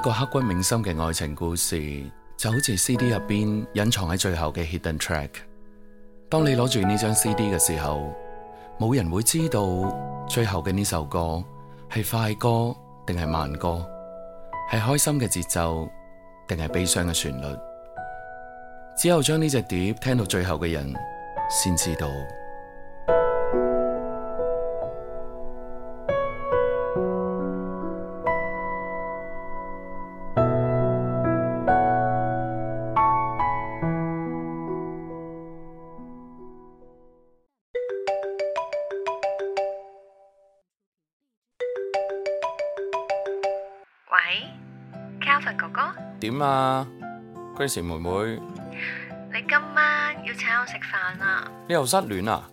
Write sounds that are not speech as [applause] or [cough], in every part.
一個刻骨銘心嘅愛情故事，就好似 CD 入邊隱藏喺最後嘅 hidden track。當你攞住呢張 CD 嘅時候，冇人會知道最後嘅呢首歌係快歌定係慢歌，係開心嘅節奏定係悲傷嘅旋律。只有將呢隻碟聽到最後嘅人先知道。點啊，Grace 妹妹，你今晚要請我食飯啦？你又失戀啦？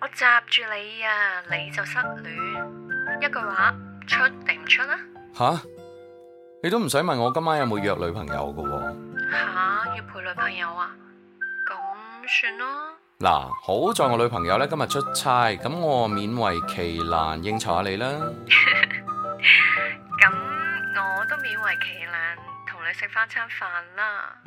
我閘住你啊，你就失戀。一句話，出定唔出啦？吓？你都唔使問我今晚有冇約女朋友噶？吓？要陪女朋友啊？咁算囉。嗱，好在我女朋友咧今日出差，咁我勉為其難應酬下你啦。咁我都勉為其難。你食翻餐飯啦！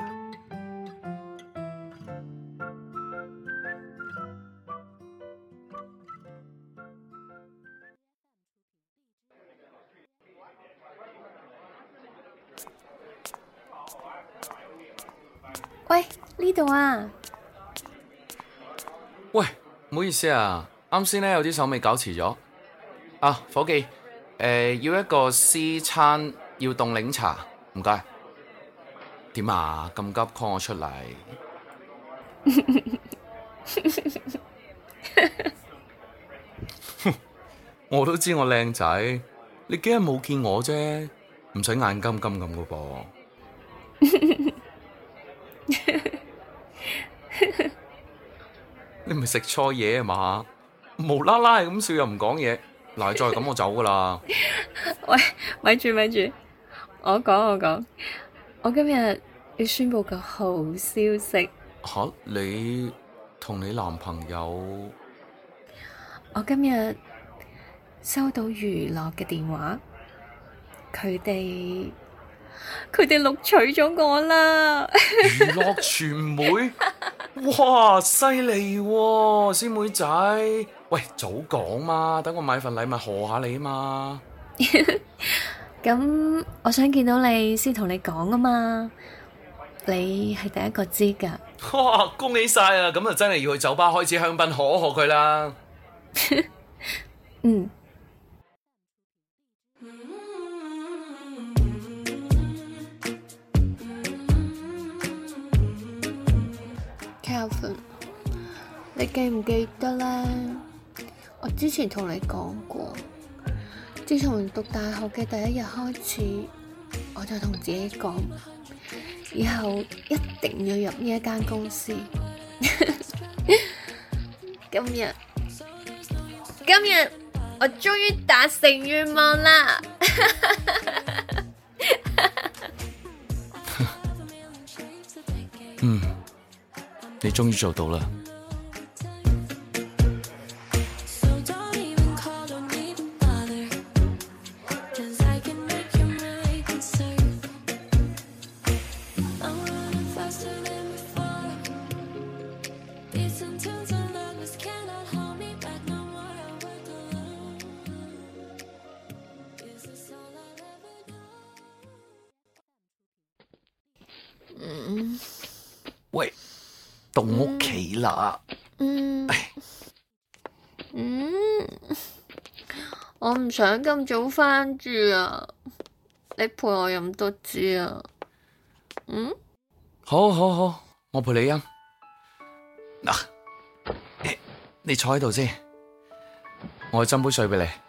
喂，呢度啊！喂，唔好意思啊，啱先咧有啲手尾搞遲咗啊！伙計，誒、呃，要一個 C 餐，要凍檸茶，唔該。點啊！咁急 call 我出嚟， [laughs] 我都知我靚仔，你幾日冇見我啫，唔使眼金金咁嘅噃。你唔係食錯嘢啊嘛？無啦啦咁笑又唔講嘢，嗱，再咁我走噶啦！喂，咪住咪住，我講我講。我今日要宣布個好消息！哈，你同你男朋友？我今日收到娛樂嘅電話，佢哋佢哋錄取咗我啦！娛樂傳媒，哇，犀利喎！師妹仔，喂，早講嘛，等我買份禮物賀下你嘛！ [laughs] 咁，我想見到你先同你講啊嘛，你係第一個知噶。哇，恭喜晒啊！咁就真係要去酒吧開支香檳賀一賀佢啦。 [laughs] 嗯。Calvin，你記唔記得咧？我之前同你講過。自從讀大學嘅第一日開始，我就同自己講，以後一定要入呢一間公司。 [laughs] 今日，今日我終於達成願望啦！ [laughs] 嗯，你終於做到了。我唔想咁早返住啊！你陪我飲多支啊？嗯，好好好，我陪你飲。嗱、啊，你你坐喺度先，我去斟杯水畀你。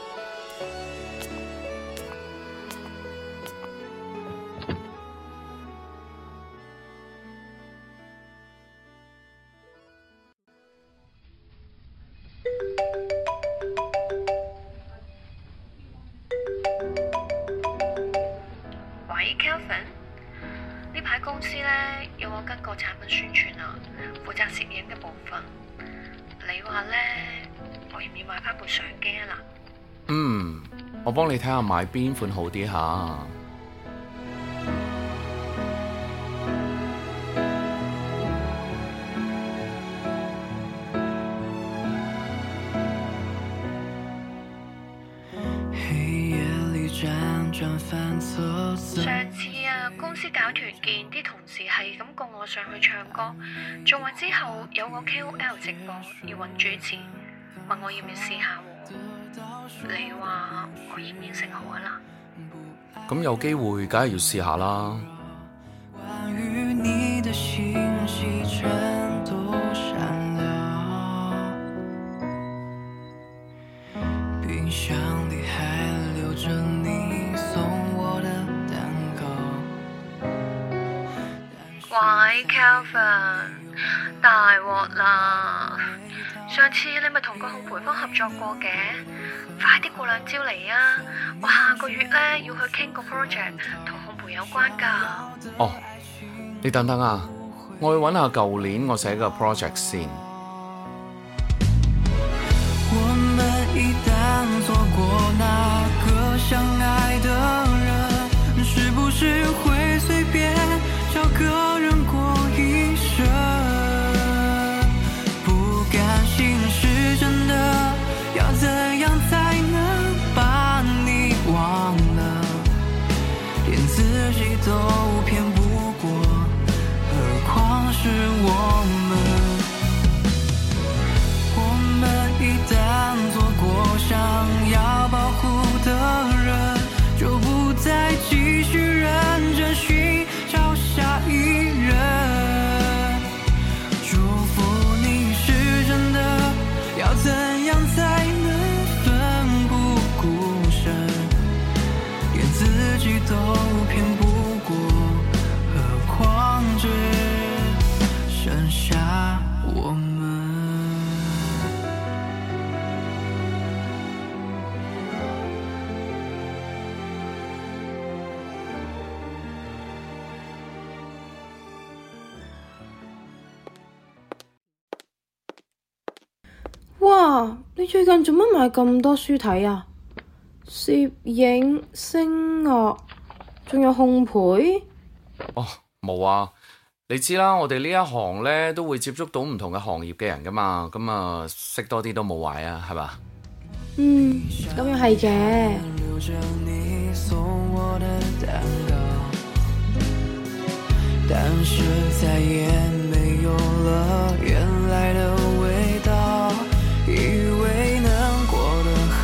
Calvin 呢排公司咧要我跟個產品宣傳啊，負責攝影嘅部分。你話咧，我要唔要買翻部相機啊？嗱，嗯，我幫你睇下買邊款好啲吓。上次啊，公司搞團建，啲同事係咁叫我上去唱歌，仲話之後有個 KOL 直播要揾主持，問我要唔要試下。你話我應唔應承好啊啦？咁有機會梗係要試下啦。 [music] Kevin，大鑊啦！上次你咪同個烘焙坊合作過嘅，快啲過兩招嚟啊！我下個月咧要去傾個 project 同烘焙有關噶。哦，你等等啊，我去揾下舊年我寫嘅 project 先。啊、你最近做乜買咁多書睇啊？攝影、聲樂，仲有烘焙。哦，冇啊！你知啦，我哋呢一行咧都會接觸到唔同嘅行業嘅人噶嘛，咁啊識多啲都冇壞啊，係嘛？嗯，咁又係嘅。 [music]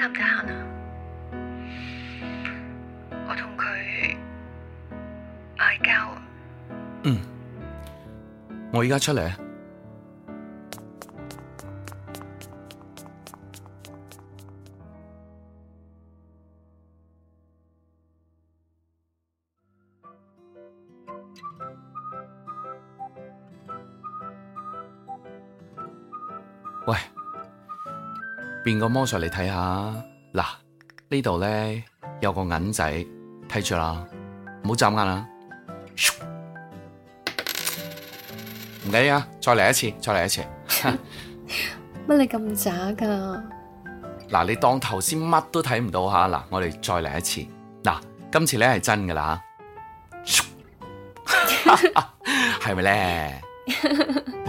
得唔得閒啊？我同佢嗌交。嗯，我而家出嚟。變個魔術嚟睇下，嗱，呢度咧有個銀仔睇住啦，唔好眨眼啊！唔理啊，再嚟一次，再嚟一次。乜 [laughs] 你咁渣噶？嗱，你當頭先乜都睇唔到吓，嗱，我哋再嚟一次，嗱，今次咧係真噶啦，係咪咧？ [laughs] [laughs] 是 [laughs]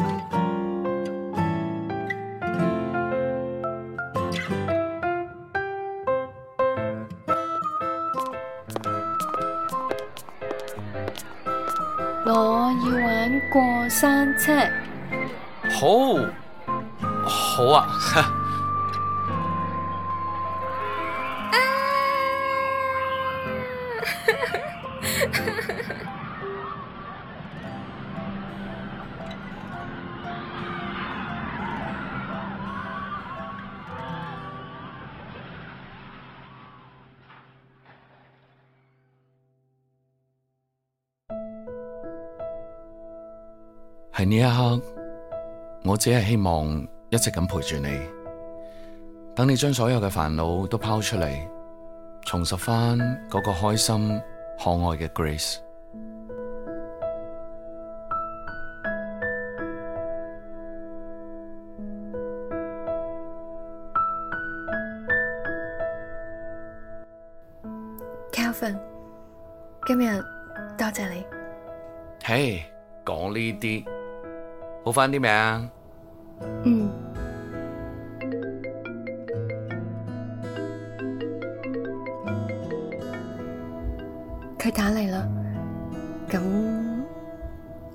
我要玩過山車。好，好啊。哈。我只係希望一直咁陪住你，等你將所有嘅煩惱都拋出嚟，重拾返嗰個開心可愛嘅 Grace。Calvin，今日多謝你。嘿、hey，講呢啲好翻啲未啊？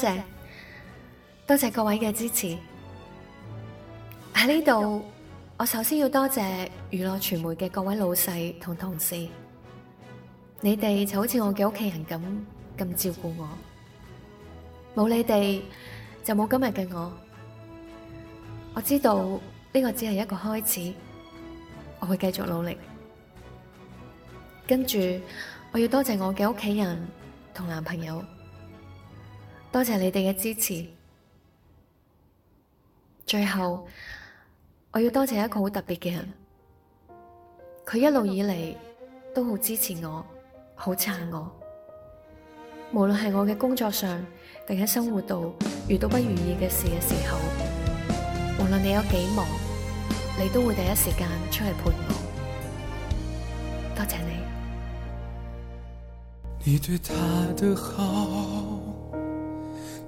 多謝，多謝各位嘅支持。喺呢度，我首先要多謝娛樂傳媒嘅各位老細同同事，你哋就好似我嘅屋企人咁，咁照顧我。冇你哋就冇今日嘅我。我知道呢個只係一個開始，我會繼續努力。跟住，我要多謝我嘅屋企人同男朋友。多謝你哋嘅支持。最後，我要多謝一個好特別嘅人，佢一路以嚟都好支持我，好撐我。無論係我嘅工作上，定係生活度遇到不如意嘅事嘅時候，無論你有幾忙，你都會第一時間出嚟陪我。多謝你。你對他的好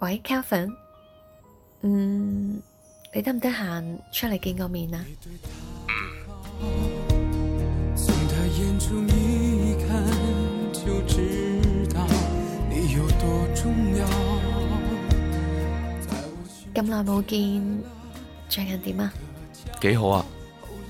喂，Calvin，嗯，你得唔得閒出嚟見個面啊？咁耐冇見，最近點啊？幾好啊！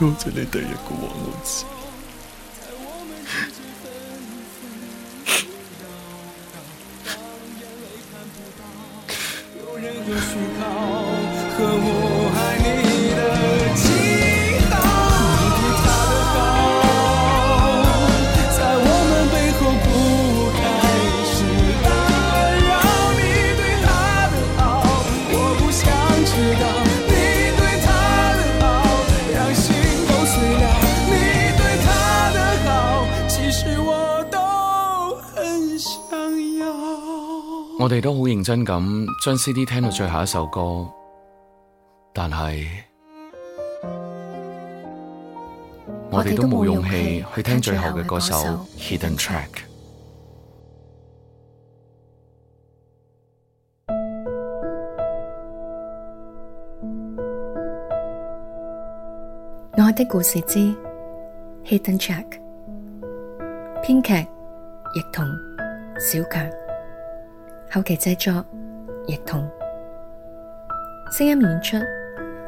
多謝你第一個揾我知。認真咁將 CD 聽到最後一首歌，但係我哋都冇勇氣去聽最後嘅嗰首 Hidden Track。我的故事之 Hidden Track，編劇亦同小強。後期製作，易彤，聲音演出，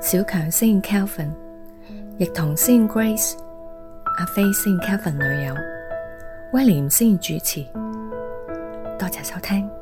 小強飾演 Kelvin，易彤飾演 Grace，阿飛飾演 Kelvin 女友，威廉飾演主持，多謝收聽。